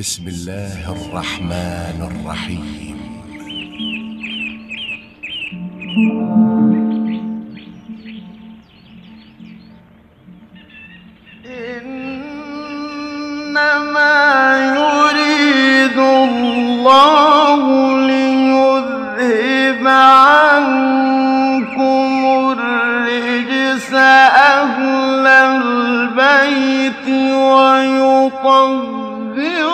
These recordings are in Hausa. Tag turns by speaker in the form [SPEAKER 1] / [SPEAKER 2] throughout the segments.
[SPEAKER 1] بسم الله الرحمن الرحيم إنما يريد الله ليذهب عنكم الرجس أهل البيت ويطهر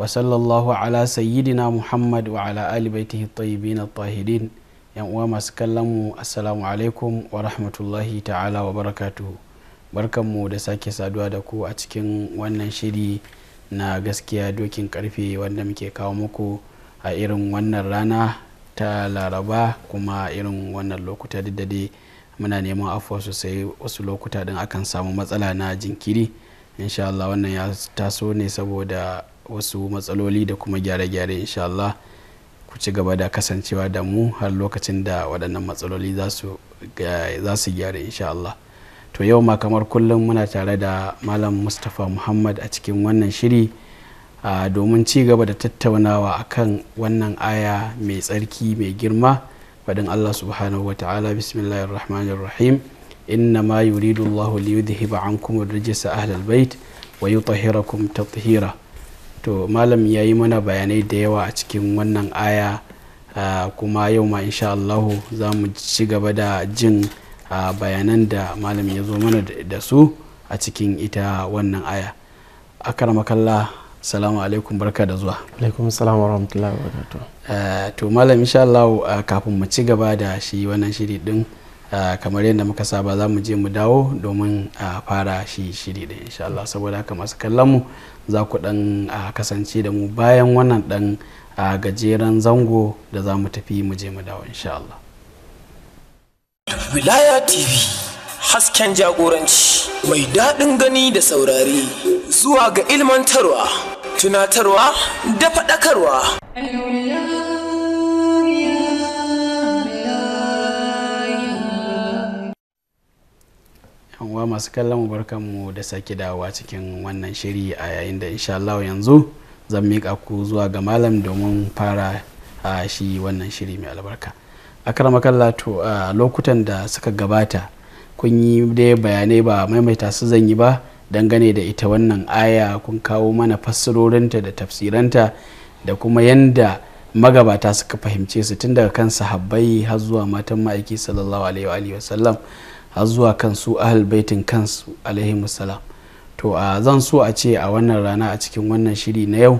[SPEAKER 2] wa sallallahu ala sayyidina muhammad wa ala ali baitihi tayyibin tahirin yan uwa masu kallon mu assalamu alaikum wa rahmatullahi ta'ala wa barakatu barkanmu da sake saduwa da ku a cikin wannan shiri na gaskiya dokin karfe wanda muke kawo muku a irin wannan rana ta laraba kuma irin wannan lokuta duk muna neman afuwa sosai wasu lokuta din akan samu matsala na jinkiri insha Allah wannan ya taso ne saboda wasu matsaloli da kuma gyare-gyare insha Allah ku ci gaba da kasancewa da mu har lokacin da waɗannan matsaloli za su gyara insha Allah to yau ma kamar kullum muna tare da malam mustapha muhammad a cikin wannan shiri domin ci gaba da tattaunawa akan wannan aya mai tsarki mai girma faɗin allah subhanahu wa ta'ala bismillahir rahmanir rahim inna ma yuridu allahu liyudhhiba ankum ar-rijsa ahlal bait wa yutahhirakum tathira to malam ya yi mana bayanai da yawa a cikin wannan aya kuma yau ma insha Allah za mu ci gaba da jin bayanan da malam ya zo mana da su a cikin ita wannan aya akar makalla salamu alaikum barka da zuwa alaikum salamu rahmatullahi wa to malam insha Allah kafin mu ci gaba da shi wannan shiri din kamar yadda muka saba za mu je mu dawo domin fara shi shiri din insha Allah saboda haka masu kallon mu za ku ɗan kasance da mu bayan wannan ɗan gajeren zango da za mu tafi mu je mu dawo insha Allah.
[SPEAKER 1] Wilaya TV hasken jagoranci mai daɗin gani da saurari zuwa ga ilmantarwa tunatarwa da faɗakarwa.
[SPEAKER 2] uwa masu kallon mu da sake dawowa cikin wannan shiri a yayin da insha Allah yanzu zan mika ku zuwa ga malam domin fara a shi wannan shiri mai albarka kalla to a lokutan da suka gabata kun yi dai bayanai ba maimaita su zan yi ba dangane da ita wannan aya kun kawo mana fassarorinta da tafsiranta da kuma yanda magabata suka fahimce su tun daga kan sahabbai har zuwa matan ma'aiki sallallahu alaihi wa sallam har zuwa kan su ahal baitin kansu alaihi musalam to a zan so a ce a wannan rana a cikin wannan shiri na yau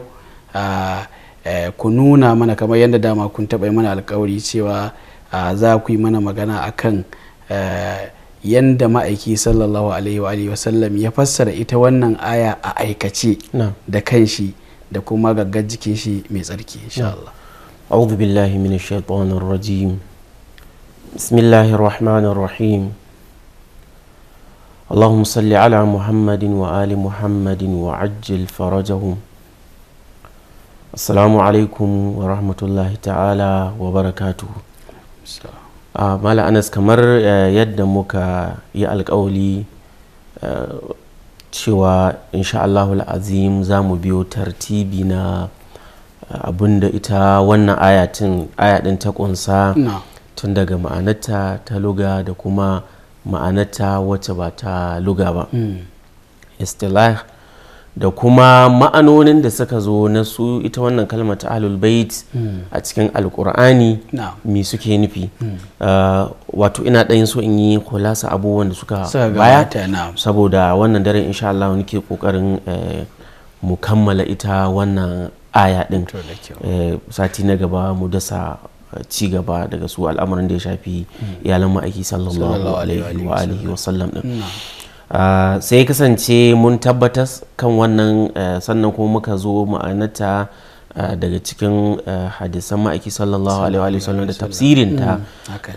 [SPEAKER 2] ku nuna mana kamar yadda dama kun taɓa mana alkawari cewa za ku yi mana magana akan yadda ma'aiki sallallahu alaihi wa sallam ya fassara ita wannan aya a aikace
[SPEAKER 1] da kanshi da kuma gaggar jikin shi mai tsarki insha Allah. أعوذ بالله من الشيطان الرجيم بسم الله الرحمن الرحيم allahu ala muhammadin wa محمد وآل wa وعجل فرجهم السلام alaikum wa rahmatullahi ta'ala wa barakatu. uh, ah, mala anas kamar eh, yadda muka yi alkawali eh, cewa insha Allahul azim za mu biyo tartibi na eh, abinda ita wannan ayatin ɗin ta kunsa tun daga ma'anarta ta luga da kuma ma'anarta wacce ba ta luga ba hmm. istilah da kuma ma'anonin da suka zo na su ita wannan kalmar ta bait hmm. a cikin alkur'ani me suke nufi hmm. uh, wato ina ɗayin so in yi kulasa abubuwan da suka baya saboda wannan daren insha Allah nake kokarin eh, mu kammala ita wannan aya ɗin eh, sati na gaba mu dasa ci gaba daga su al'amarin da ya shafi iyalan ah, eh, eh, eh, ma'aiki sallallahu alaihi wa alihi wa sallam din sai kasance mun tabbata kan wannan sannan kuma muka zo ma'anata daga cikin hadisan ma'aiki sallallahu alaihi wa sallam da tafsirin ta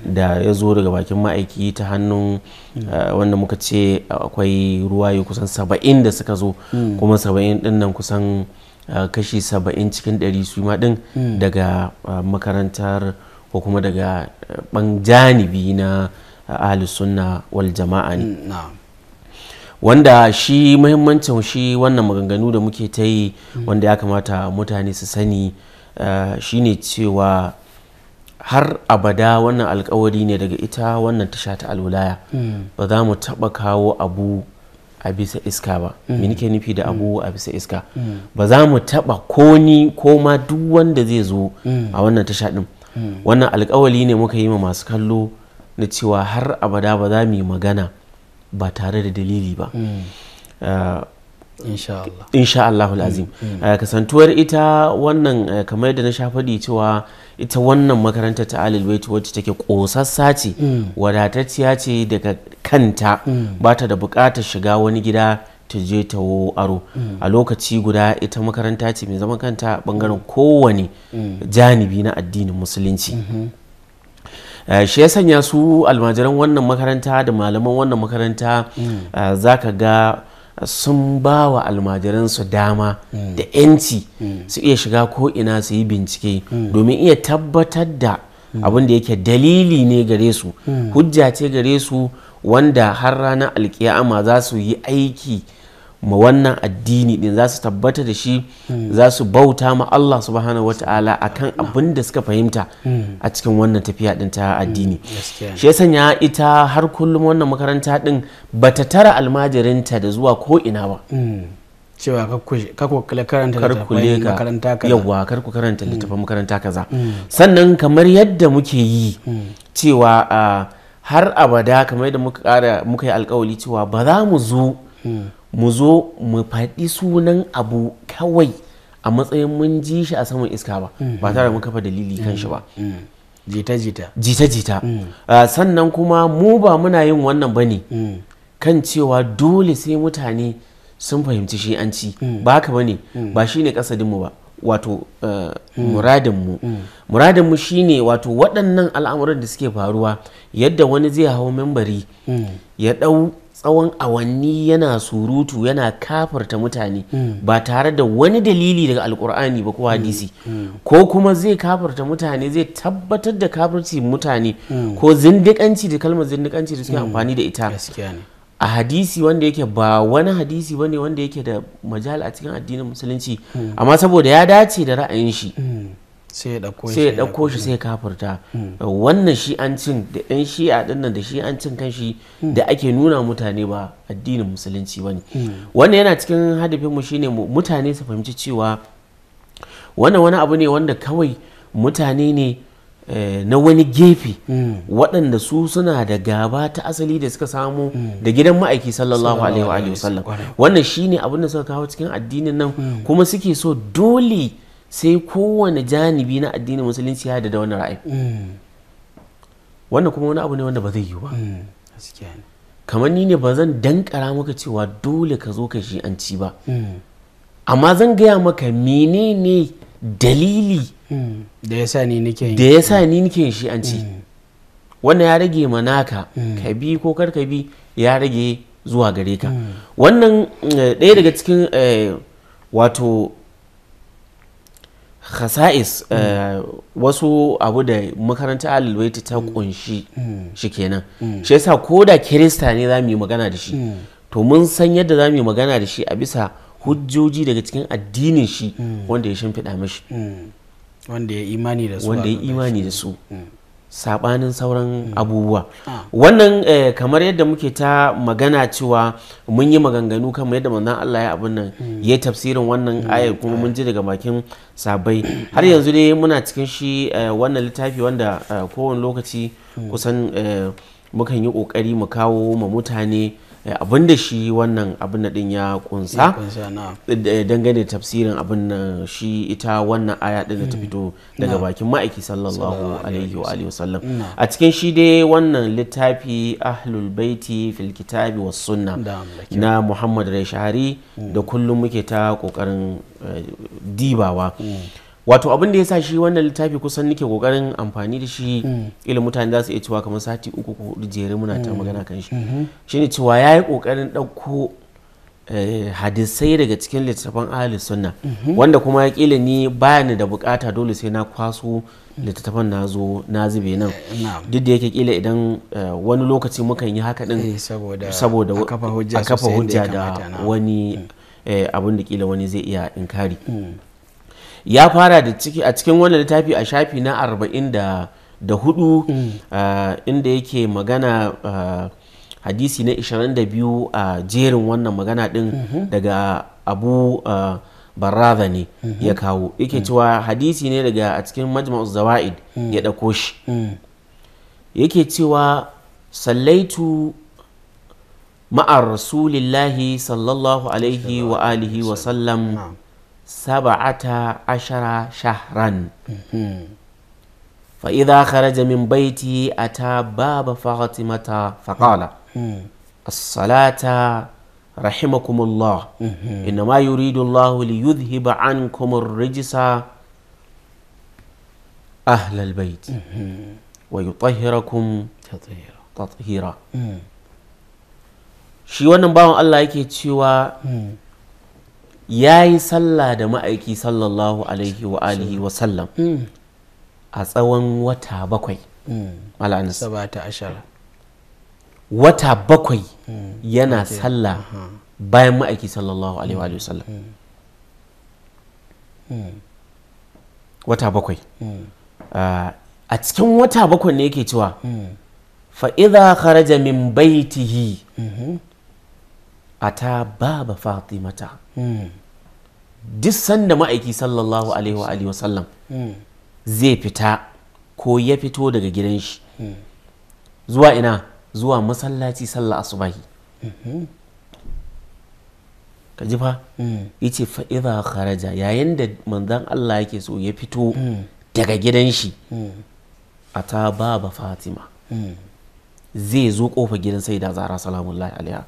[SPEAKER 1] da ya zo daga bakin ma'aiki ta hannun mm. wanda muka ce akwai ruwaye kusan saba'in da suka zo mm. kuma saba'in din kusan kashi saba'in cikin ɗari su ma ɗin hmm. daga makarantar ko kuma daga ban janibi na ahlus sunna wal jama'a ne hmm, wanda shi muhimmancin shi wannan maganganu da muke ta yi hmm. wanda ya kamata mutane su sani shi ne cewa har abada wannan alkawari ne daga ita wannan tasha ta alwulaya ba za mu taɓa kawo abu a bisa iska ba mm. me ke nufi da mm. abubuwa a bisa iska mm. ba za mu taba ko ni ko ma duk wanda zai zo a wannan tasha din wannan alkawali ne muka yi ma masu kallo na cewa har abada ba za mu yi magana ba tare da dalili ba eh, insha Allah azim mm, mm. Eh, kasantuwar ita wannan eh, kamar da na sha faɗi cewa ita wannan makarantar ta alil wacce take ƙosassa ce mm. wadatacciya ce daga kanta ba ta da buƙatar shiga wani gida ta je ta aro a lokaci guda ita makaranta ce mai zama kanta bangaren kowane janibi na addinin musulunci mm-hmm. eh, shi ya sanya su almajiran wannan makaranta da malaman wannan makaranta za ka ga sun ba wa almajiransu dama da 'yanci su iya shiga ko'ina su yi bincike domin iya tabbatar da abin da yake dalili ne gare su hujja ce gare su wanda har ranar alkiyama za su yi aiki ma wannan addini din za su tabbata da shi za su bauta ma Allah subhanahu wata'ala akan abin da suka fahimta a cikin wannan tafiya din ta addini mm, shi ya sanya ita har kullum wannan makaranta din bata tara almajirinta da zuwa ko ina ba mm, cewa karku karanta makaranta kaza yawa karku karanta mm. littafin makaranta kaza sannan kamar yadda muke yi cewa ah, har abada kamar yadda muka yi alkawali cewa ba za mu zo mu zo mu faɗi sunan abu kawai a matsayin mun ji shi a saman iska ba mm-hmm. ba tare mun kafa dalili kan shi ba mm-hmm. Mm-hmm. jita-jita jita-jita uh, sannan kuma mu ba muna yin wannan ba ne kan cewa dole sai mutane sun fahimci shi an ci ba haka ba ne ba shi ne kasadinmu ba wato uh, muradinmu muradinmu shi ne wato waɗannan al'amuran da suke faruwa yadda wani zai hau membari ya ɗau tsawon awanni yana surutu yana kafarta mutane hmm. ba tare da wani dalili daga alkur'ani ba ko hmm. hadisi hmm. ko kuma zai kafarta mutane zai tabbatar da kafarci mutane ko zindikanci da kalmar zindikanci da suke amfani da ita a hadisi wanda yake ba wani hadisi bane wanda yake da majal a cikin addinin musulunci amma saboda ya dace da ra'ayin shi sai ya ɗauko shi sai ya kafirta hmm. wannan cin da ɗan shi'a ɗinnan da shi an cin shi hmm. da ake nuna mutane ba addinin musulunci ba ne hmm. wannan yana cikin hadafinmu ne mutane su fahimci cewa wannan wani abu ne wanda kawai mutane ne eh, na wani gefe waɗanda su suna da gaba ta asali da suka samu da gidan ma'aiki sallallahu alaihi wa sallam wannan shine abin da suka kawo cikin addinin nan kuma suke so dole sai kowane janibi na addinin musulunci ya da wani ra'ayi wannan kuma wani abu ne wanda ba zai yi ba kamar ni ne ba zan dankara maka cewa dole ka zo ka shi an ci ba amma zan gaya maka menene dalili da ya sa ni nake shi an ci wannan ya rage manaka mm. ka bi ko kar ka bi ya rage zuwa gare ka mm. wannan eh, ɗaya daga cikin eh, wato khasa'is hmm. eh, wasu abu da makaranta alibaiti ta kunshi hmm. hmm. shi kenan shi yasa ko da kirista ne za mu yi magana da shi to mun san yadda za mu yi magana da shi a bisa hujjoji daga cikin addinin shi wanda ya shimfiɗa mashi wanda ya imani da wanda ya imani da su sabanin sauran hmm. abubuwa ah. wannan eh, kamar yadda muke ta magana cewa mun yi maganganu kamar yadda manzon Allah ya abin nan hmm. ya tafsirin wannan hmm. ayar kuma mun ji ah. daga bakin sabai har yanzu dai muna cikin shi eh, wannan littafi wanda eh, kowane lokaci kusan mukan yi kokari mu kawo ma mutane Eh, abin da shi wannan abin na din ya kunsa eh, dangane tafsirin abin da shi ita wannan aya din da ta mm. fito daga bakin ma'aiki sallallahu alaihi wa alihi wasallam a cikin shi dai wannan littafi ahlul baiti fil kitabi was sunna na Muhammad Rai Shahari mm. da kullum muke ta kokarin eh, dibawa mm. wato abin da ya sa shi wannan littafi kusan nike kokarin amfani da shi mm. ilin mutane za su iya cewa kamar sati uku ko hudu jere muna ta mm. magana kan shi mm-hmm. shine cewa ya yi kokarin ɗauko eh, hadisai daga cikin littattafan ahli sunna mm-hmm. wanda kuma ya kila ni bayani da bukata dole sai na kwaso littattafan na zo na zube nan duk da yake kila idan eh, wani lokaci mukan yi haka din eh, saboda a kafa hujja da wani mm. abin da kila wani zai iya inkari ya fara da ciki a cikin wannan littafi a shafi na arba'in da mm. ah, inda yake magana ah, hadisi na 22 a jerin wannan magana din mm-hmm. daga abu ah, barraza ne mm-hmm. ya kawo yake mm. cewa hadisi ne daga a cikin majma'u zawa'id mm. ya ɗauko shi yake cewa sallaitu ma'ar rasulillahi sallallahu alaihi wa alihi wa sallam sab'ata ashara shahran fa idha kharaja min baiti ata baba fatimata faqala as-salata rahimakumullah inma yuridu Allah li yudhhiba ankum ar-rijsa أهل البيت ويطهركم تطهيرا shi wannan bawan Allah yake cewa ya yi sallah da ma'aiki sallallahu alaihi wa alihi wa sallam hmm. a tsawon wata bakwai hmm. mala'anis wata bakwai hmm. yana sallah bayan ma'aiki sallallahu alaihi wa sallam wata bakwai ah, a cikin wata bakwai ne yake cewa fa'iza kharaja min baitihi mhm. A ta baba fatimata duk sanda ma'aiki sallallahu alaihi wa sallam hmm. zai fita ko ya fito daga gidan shi hmm. zuwa ina zuwa masallaci sallah asubahi hmm. ka ji fa yace fa idza kharaja yayin da manzon Allah yake so ya fito daga gidan shi A ta baba fatima zai zo kofa gidan sai da zara salamullahi alaiha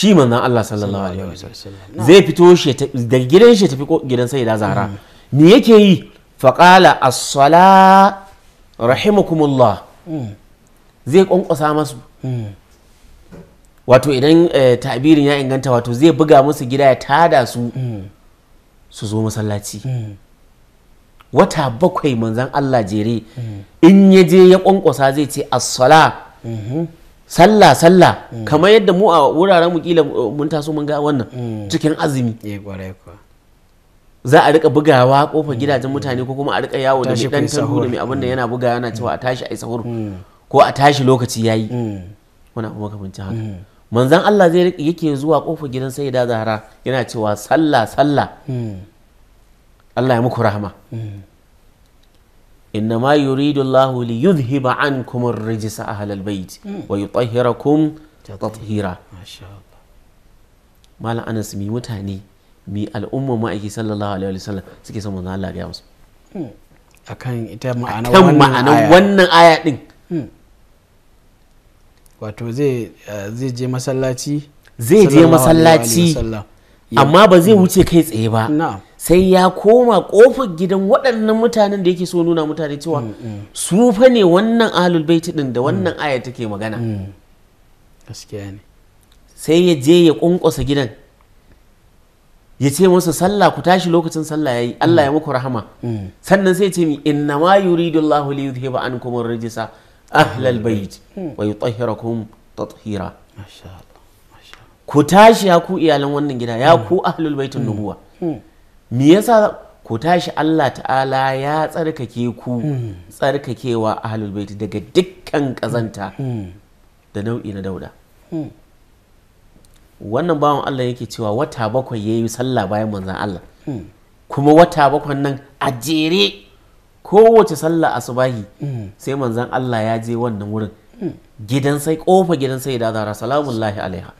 [SPEAKER 1] shi manzon Allah sallallahu alaihi wasallam zai fito shi da gidan shi tafi gidan da zara. Mm. me yake yi faqala as-sala rahimakumullah mm. zai kwankwasa masu mm. wato idan eh, tabirin ya inganta wato zai buga musu gida ya tada su su zo masallaci wata bakwai manzan Allah jere in ya je ya kwankwasa zai ce as-sala mm-hmm. sallah sallah mm. kamar yadda mu a wuraren mu kila uh, mun taso mun ga wannan mm. cikin azumi eh, za a rika bugawa kofar gidajen mm. mutane ko kuma a rika yawo da shi dan tarhu da mai abin da yana bugawa yana cewa a tashi ai sahur ko a tashi lokaci yayi kuma abu makamancin haka manzon Allah zai yake zuwa kofar gidan sayyida Zahra zahara yana cewa sallah sallah Allah ya muku rahama inna ma yuridu Allahu li yudhhiba ankum ar-rijsa ahlal bait wa yutahhirakum tathira malam Anas mi mutane mi al'umma ma'aiki sallallahu alaihi wa sallam suke son manzo Allah ya musu akan ita ma'ana
[SPEAKER 2] wannan aya din wato zai
[SPEAKER 1] je masallaci zai je masallaci amma ba zai wuce kai tsaye ba sai ya koma kofar gidan waɗannan mutanen da yake so nuna mutane cewa mm, mm. su fa ne wannan ahlul baiti din da wannan mm. aya take magana sai ya je ya ƙunƙusa gidan ya ce musu sallah ku tashi lokacin sallah yayi Allah ya muku rahama sannan sai ya ce mi inna ma yuridu Allahu li yudhhiba ankum ar-rijsa ahlal bait wa yutahhirakum tathira ku tashi ya ku iyalan wannan gida ya ku ahlul baitin nubuwa me yasa ku tashi Allah ta'ala ya tsarkake ku tsarkakewa ahlul baiti daga dukkan kazanta da nau'i na dauda wannan bawan Allah yake cewa wata bakwai ya yi sallah bayan manzan Allah kuma wata bakwai nan a jere kowace sallah asubahi sai manzan Allah ya je wannan wurin gidan sai kofa gidan sai da zara salamun lahi alaiha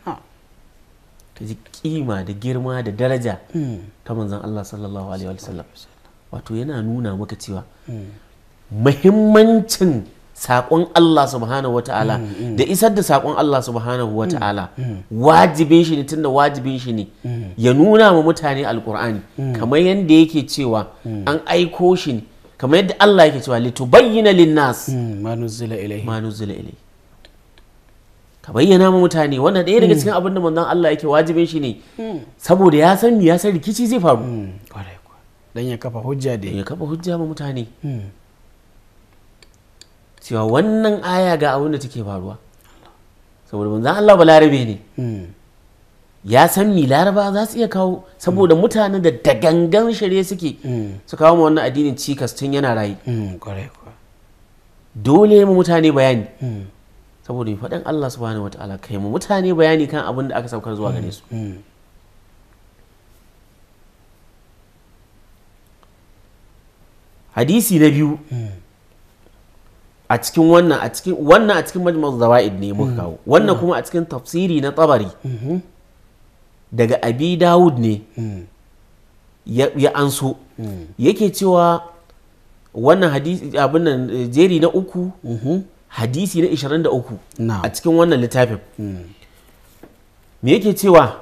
[SPEAKER 1] ta ji kima da girma da daraja hmm. ta manzan Allah sallallahu alaihi wa wato yana nuna maka cewa hmm. muhimmancin saƙon Allah subhanahu wata'ala hmm, da isar da saƙon Allah subhanahu wata'ala wajibin shi ne tunda wajibin shi ne ya nuna ma mutane alkur'ani kamar yadda yake cewa an aiko shi ne kamar yadda Allah yake cewa litubayyana linnas ma nuzila ilayhi ka bayyana ma mutane wannan ɗaya daga hmm. cikin abin da manzon Allah yake wajibin shi ne hmm. saboda ya san ya san rikici zai faru hmm. dan ya kafa hujja da ya kafa hujja ma mutane cewa wannan aya ga abin da take faruwa saboda manzon Allah ba larabe ne ya san mi laraba za su iya kawo saboda mutanen da dagangan shirye suke su kawo ma wannan addinin cikas tun yana rayu dole mu mutane bayani saboda faɗin Allah subhanahu wataala kai mu mutane bayani kan abin da aka saukar zuwa gare su mm, mm. hadisi na biyu mm. a cikin wannan a cikin wannan a cikin majmu'ul zawaid ne muka kawo wannan kuma a cikin tafsiri na tabari mm-hmm. daga abi dawud ne ya anso yake cewa wannan hadisi abin nan eh, jeri na uku mm-hmm. hadisi na 23 a cikin wannan littafin hmm. me yake cewa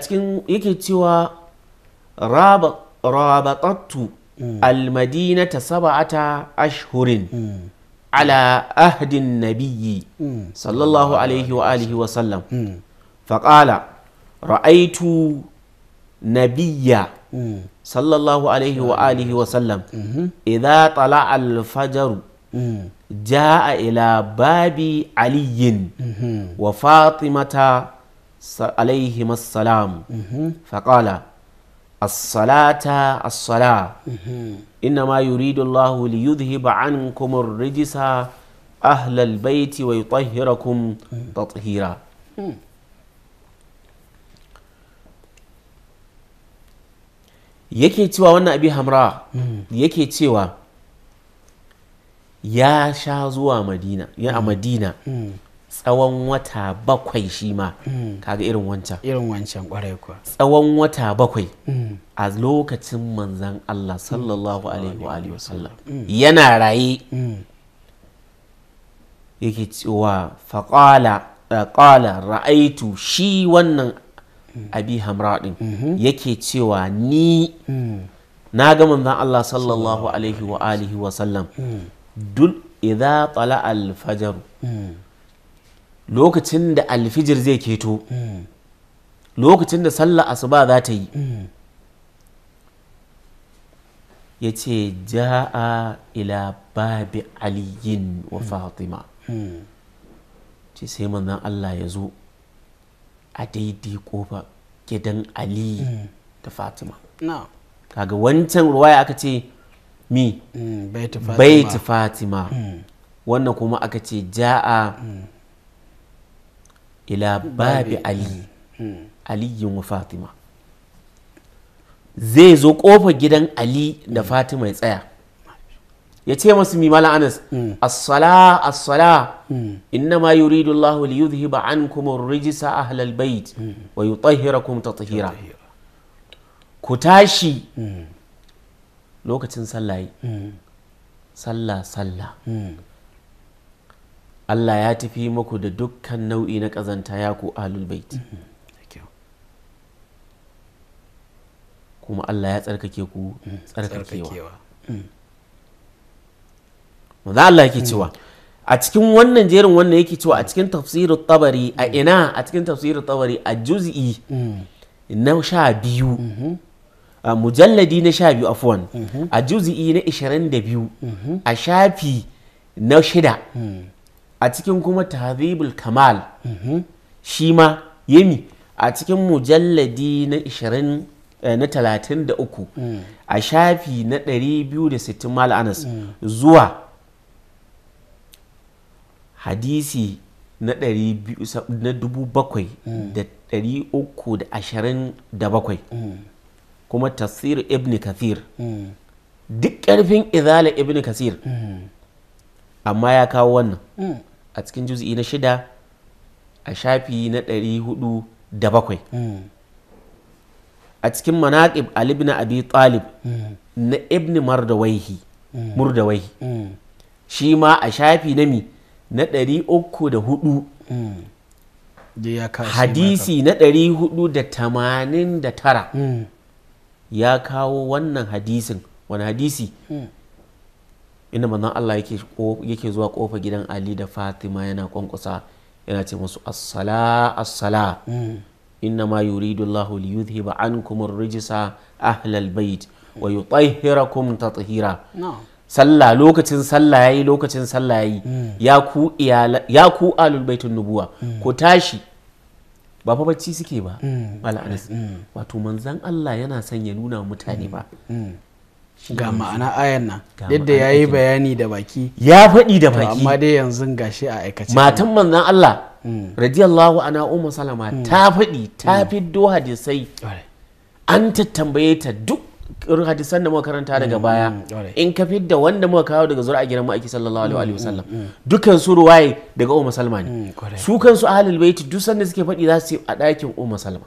[SPEAKER 1] cikin yake cewa rabatattu hmm. almadinata saba'ata ashhurin hmm. ala ahdin nabiyyi sallallahu alaihi wa alihi wa sallam ra'aitu nabiyya sallallahu alaihi wa alihi wa sallam idza tala'a al-fajr جاء إلى باب علي وفاطمة عليهما السلام فقال الصلاة الصلاة إنما يريد الله ليذهب عنكم الرجس أهل البيت ويطهركم تطهيرا يكي توا wannan abi hamra yake cewa ya sha zuwa madina ya a mm. madina mm. tsawon wata bakwai shi ma mm. kaga irin wancan irin wancan kwarai kuwa tsawon wata bakwai a lokacin manzan Allah sallallahu alaihi wa sallam yana raye yake cewa faƙala eh, ra'aitu shi wannan abi hamradin mm-hmm. yake cewa ni na ga manzan Allah sallallahu alaihi wa sallam dun idza tala alfajar lokacin da alfijir zai keto lokacin da sallah asuba za ta yi ya ce ja'a ila babi aliyin wa fatima ce sai manzan Allah ya zo a daidai kofa gidan ali mm. da fatima kaga wancan ruwaya aka ce mi mm, baiti fatima mm. wannan kuma aka ce ja'a mm. ila babi ali aliyin wa fatima zai zo kofa gidan ali da fatima ya tsaya ya ce masu mimala anas as-sala as-sala inna ma yuridu Allah li yudhhiba kuma rijisa a ahlal bait wa ta tsahira ku tashi lokacin hmm. sallah sallah sallah hmm. Allah ya tafi muku da dukkan nau'i na ƙazanta ya ku ahlul baiti hmm. kuma Allah ya tsarkake ku tsarkakewa maza Allah yake cewa a cikin wannan jerin wannan yake cewa a cikin tafsirin tabari a ina a cikin tafsirin tabari a juz'i na sha biyu mujalladi na sha biyu afuwan mhm. a juzi'i na ishirin mhm. a shafi na shida hmm. a cikin kuma tahzibul kamal mhm. shi ma yemi a cikin mujalladi na eh, na talatin da uku hmm. a shafi na ɗari biyu da sittin mal anas hmm. zuwa hadisi na dubu bakwai da ɗari uku da ashirin da bakwai kuma tafsir ibn kathir hmm. duk ƙarfin izala ibn kathir hmm. amma ya kawo wannan hmm. a cikin juz'i na shida a shafi na ɗari hudu da bakwai a cikin manaƙib Alibina abi talib na ibn mardawaihi murdawaihi shi ma a shafi na mi na ɗari uku da hudu hadisi na ɗari hudu da tamanin da tara ya kawo wannan hadisin wani hadisi hmm. inda manzon Allah yake zuwa kofa gidan Ali da Fatima yana kwankwasa yana ce masu assala assala hmm. inna ma yuridu Allah li yudhhiba ankum ar-rijsa ahlal bait wa yutahhirakum tathira sallah lokacin sallah yayi lokacin sallah yayi hmm. ya ku alul baitun nubuwa ku tashi ba fa bacci suke ba mm, mal'anis mm. wato manzan Allah yana son ya nuna mutane ba mm, ga ma'ana ayan nan yadda ya yi bayani da baki ya faɗi da baki amma dai yanzu gashi a aikace matan manzan Allah radiyallahu ana umma salama ta faɗi ta fi fiddo hadisai an tambaye ta duk hadisan da muka karanta daga mm, baya mm, in ka fidda wanda muka kawo daga a gidan mu'aiki sallallahu mm, alaihi wasallam dukkan su ruwaye daga umma salma ne su kansu ahlul baiti duk sanda suke faɗi za su a ɗakin umma salma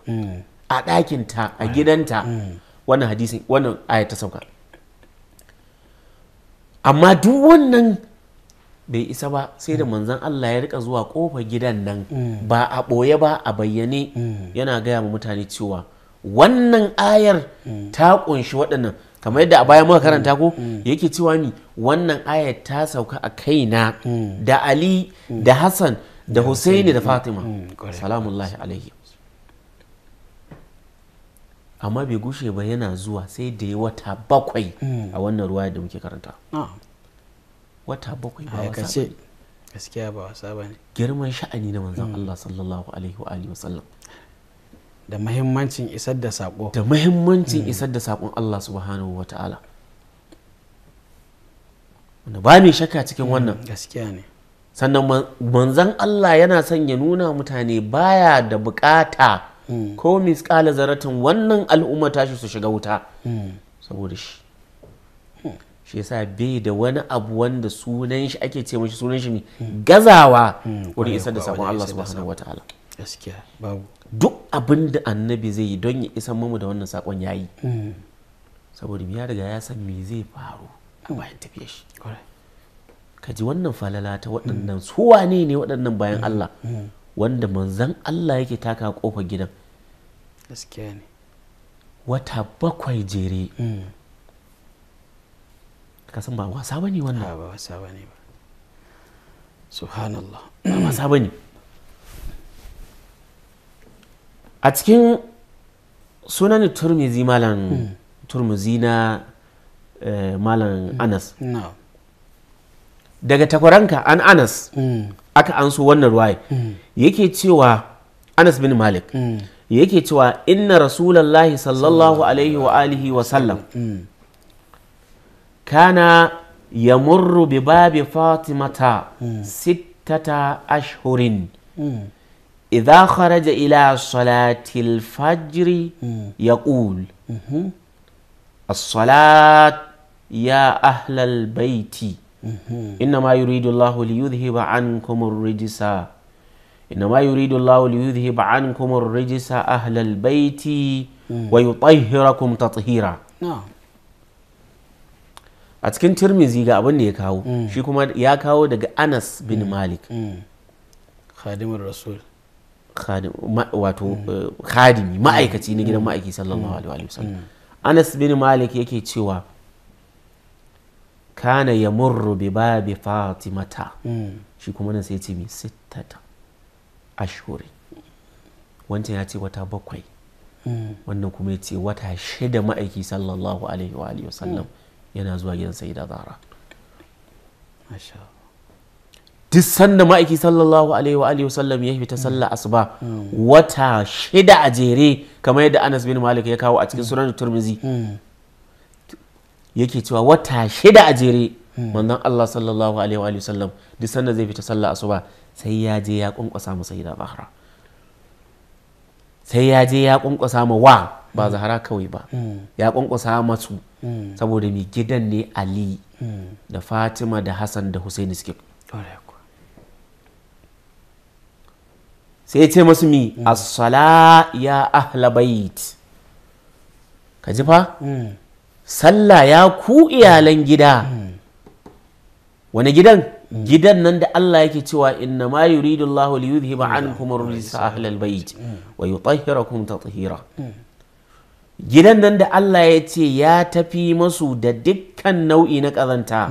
[SPEAKER 1] a ɗakin ta a gidanta wannan hadisin wannan ayat ta sauka amma duk wannan bai isa ba sai da manzan Allah ya rika zuwa kofar gidan nan ba a ɓoye ba a bayyane yana gaya ma mutane cewa wannan ayar ta kunshi waɗannan kamar yadda a baya muka karanta ko yake cewa ni wannan ayar ta sauka a kaina da ali da hassan da husaini da fatima mm, mm, salamullahi alaihi amma bai gushe ba yana zuwa sai da ya wata bakwai mm. a wannan ruwa da muke karanta ah. wata bakwai ba wasa gaskiya
[SPEAKER 2] ba wasa ba ne
[SPEAKER 1] girman sha'ani na manzon Allah sallallahu alaihi wa alihi da mahimmancin isar da saƙo da mahimmancin isar da saƙon Allah subhanahu wa ta'ala wanda ba mai shakka cikin mm, wannan gaskiya ne sannan manzan Allah yana son ya nuna mutane baya da bukata mm. ko miskala zaratin wannan al'umma tashi su shiga wuta mm. saboda shi hmm. shi yasa bai da wani abu wanda sunan shi ake ce mashi sunan shi ne hmm. gazawa hmm, wurin isar da saƙon Allah subhanahu wa ta'ala
[SPEAKER 2] gaskiya babu
[SPEAKER 1] duk abin da annabi zai yi don ya isan mamu da wannan sakon ya yi mm. saboda ya riga ya san me zai faru a mm. bayan tafiyar shi ka ji wannan falala ta mm. waɗannan suwa ne ne waɗannan bayan Allah wanda manzan Allah yake taka kofar gidan gaskiya ne wata bakwai jere ka san ba wasa bane wannan ba wasa bane ba subhanallah ba wasa bane a cikin sunan turmizi malam hmm. turmizi na eh, malam hmm. anas daga takwaranka an anas hmm. aka an so wannan ruwaye yake cewa anas bin malik yake cewa inna rasulallahi sallallahu alaihi wa alihi wa sallam kana ya murru bi babi fatimata sittata ashhurin iza kharaja ila salatil fajri yaqul as-salat ya ahlal baiti إنما يريد الله ليذهب عنكم الرجس إنما يريد الله ليذهب عنكم الرجس أهل البيت ويطهركم تطهيرا a cikin tirmizi ga abin da ya kawo shi kuma ya kawo daga anas bin malik khadimul rasul wato mm. eh, khadimi ma'aikaci na gidan mm. ma'aiki sallallahu alaihi wasallam mm. anas bin malik yake cewa kana ya murru bi babi fatimata shi kuma nan sai ce mi sittata ashuri wancan ya ce wata bakwai wannan kuma ya ce wata shida ma'aiki sallallahu alaihi wasallam yana zuwa gidan sai da zara duk sanda ma'aiki sallallahu alaihi wa alihi wasallam ya fita sallah asuba wata shida a jere kamar yadda Anas bin Malik ya kawo a cikin sunan Turmizi yake cewa wata shida a jere manzon Allah sallallahu alaihi wa alihi wasallam duk sanda zai fita sallah asuba sai ya je ya kunkusa masa sayyida Zahra sai ya je ya kunkusa ma wa ba Zahra kawai ba ya kunkusa masu saboda mai gidan ne Ali da Fatima da Hassan da Husaini suke sai ya ce masu mi mm. as-sala ya ahla bait ka ji fa mm. sallah ya ku iyalan gida mm. wani gidan gidan nan da Allah yake cewa inna ma yuridu Allah li yudhhiba ankum ar-rijsa ahla al-bayt wa yutahhirakum tsahira. gidan nan da Allah ya ce ya tafi masu da dukkan nau'i na kazanta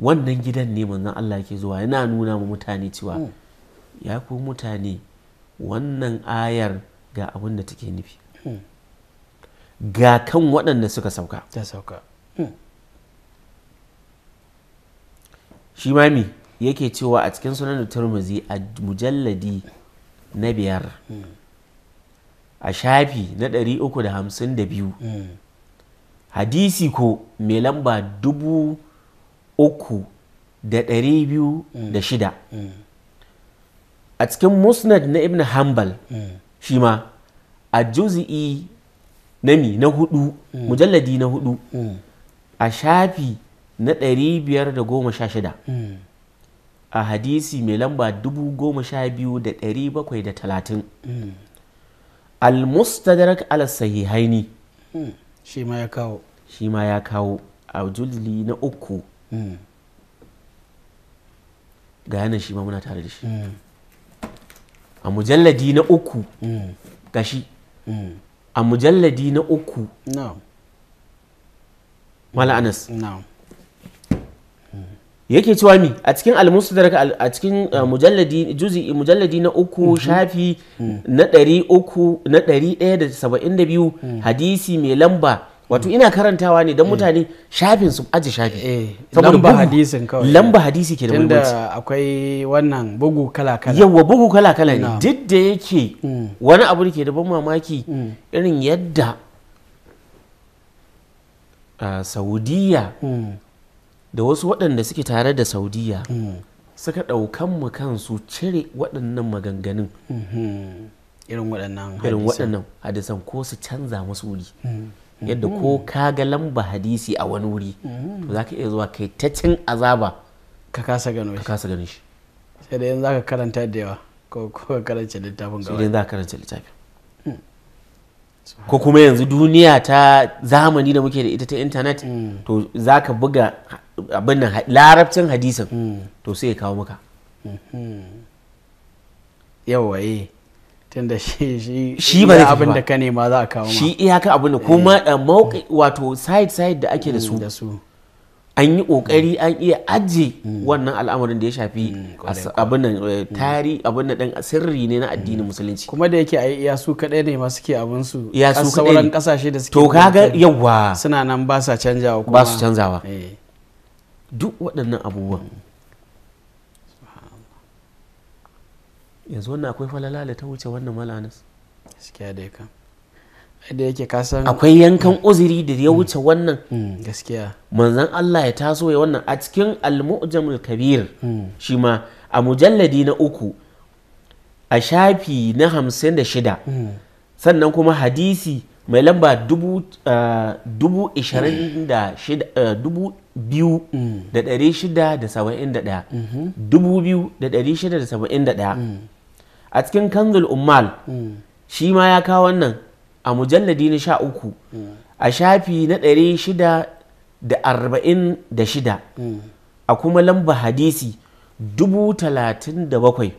[SPEAKER 1] wannan gidan ne manzon Allah ke zuwa yana nuna ma mutane cewa hmm. ya ku mutane wannan ayar ga abin da take nufi hmm. ga kan waɗanda suka sauka ta sauka hmm. shi mami yake cewa a cikin sunan da turmuzi a mujalladi na biyar a shafi na 352 hadisi ko mai lamba dubu uku da ɗari mm. da shida mm. a cikin musnad na ibn Hambal mm. shi ma a juzi'i na mi na hudu mujalladi na hudu a shafi na ɗari da goma a hadisi mai lamba dubu goma sha da ɗari bakwai al-mustadrak al sahihaini shi ma ya kawo a juzli na uku Mm. ga yanan shi ma muna tare da shi mm. a mujalladi na uku mm. ga shi a mujalladi na uku mala anas yake cewa mi a cikin almusdar a cikin uh, mujalladi juzi mujalladi na uku mm-hmm. shafi na ɗari uku na ɗari ɗaya da saba'in da biyu hadisi mai lamba wato ina karantawa ne don eh. mutane shafin su aji shafi eh, lamba hadisin kawai lamba hadisi ke da muhimmanci tunda akwai wannan bugu kala kala yawa bugu kala kala ne duk da yake mm. wani abu da ke da ban mamaki mm. irin yadda saudiya mm. da wasu waɗanda suke tare da saudiya suka ɗaukan mu kansu cire waɗannan maganganun mm-hmm. irin waɗannan hadisan ko su canza masu wuri yadda ko mm-hmm. ka ga lamba hadisi a wani wuri to
[SPEAKER 2] mm-hmm. za ka
[SPEAKER 1] iya zuwa kai ta cin azaba ka kasa gano shi ka kasa gano shi sai da yanzu za ka karanta da yawa ko ka karanta littafin gaba sai da za ka karanta littafin mm. ko kuma yanzu duniya ta zamani da muke da ita ta intanet mm. to za ka buga abin nan larabcin hadisin mm. to sai ya kawo maka
[SPEAKER 2] mm-hmm.
[SPEAKER 1] yawaye eh.
[SPEAKER 2] tunda shi shi shi abin da ka nema
[SPEAKER 1] za a kawo shi iyaka abin da kuma eh. Eh, wato side side da ake da mm, su an yi kokari mm. an iya ajiye mm. wannan al'amarin da ya shafi abin nan eh, tari abin nan sirri ne na addinin musulunci kuma da yake ai iya su kadai ne ma suke abin
[SPEAKER 2] su iya su sauran kasashe da suke to kaga yawa
[SPEAKER 1] suna nan ba sa canjawa ba su canzawa duk waɗannan abubuwan yanzu wannan akwai falala da ta wuce wannan malanas gaskiya dai kan da yake kasan akwai yankan uzuri da ya mm. wuce wannan mm, gaskiya manzan Allah ya taso ya wannan a cikin al-mu'jamul kabir mm. shi ma a mujalladi na uku a shafi na hamsin da shida sannan kuma hadisi mai lamba dubu uh, ishirin da shida uh, mm-hmm. dubu biyu da ɗari shida da saba'in da ɗaya dubu biyu da ɗari shida da saba'in da ɗaya a cikin kanzul ummal hmm. shi ma ya kawo wannan a mujalladi na sha uku hmm. a shafi na ɗari shida da arba'in da shida hmm. a kuma lamba hadisi dubu talatin da bakwai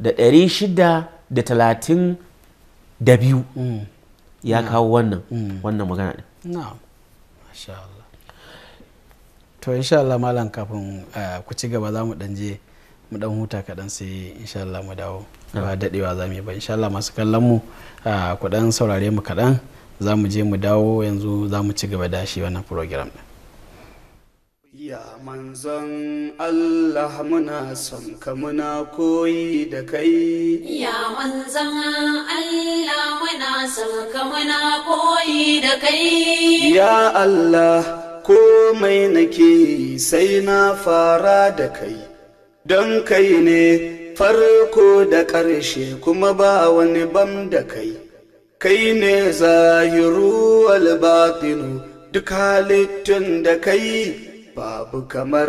[SPEAKER 1] da ɗari shida da talatin da biyu ya kawo wannan wannan magana
[SPEAKER 2] ɗin to insha Allah malam kafin eh, ku ci gaba za mu ɗanje mu ɗan huta kaɗan sai insha Allah mu dawo ba dadewa za mu yi ba insha masu kallon mu a kuɗan saurare mu kaɗan za mu je mu dawo yanzu za mu ci gaba da shi wannan program din Ya manzon Allah muna son ka muna koyi da kai. Ya manzon Allah muna son ka muna koyi da kai. Ya Allah komai nake sai na fara da kai, don kai ne farko da ƙarshe kuma ba wani bam da kai kai ne zahiru albatinu duk halittun da kai
[SPEAKER 3] babu kamar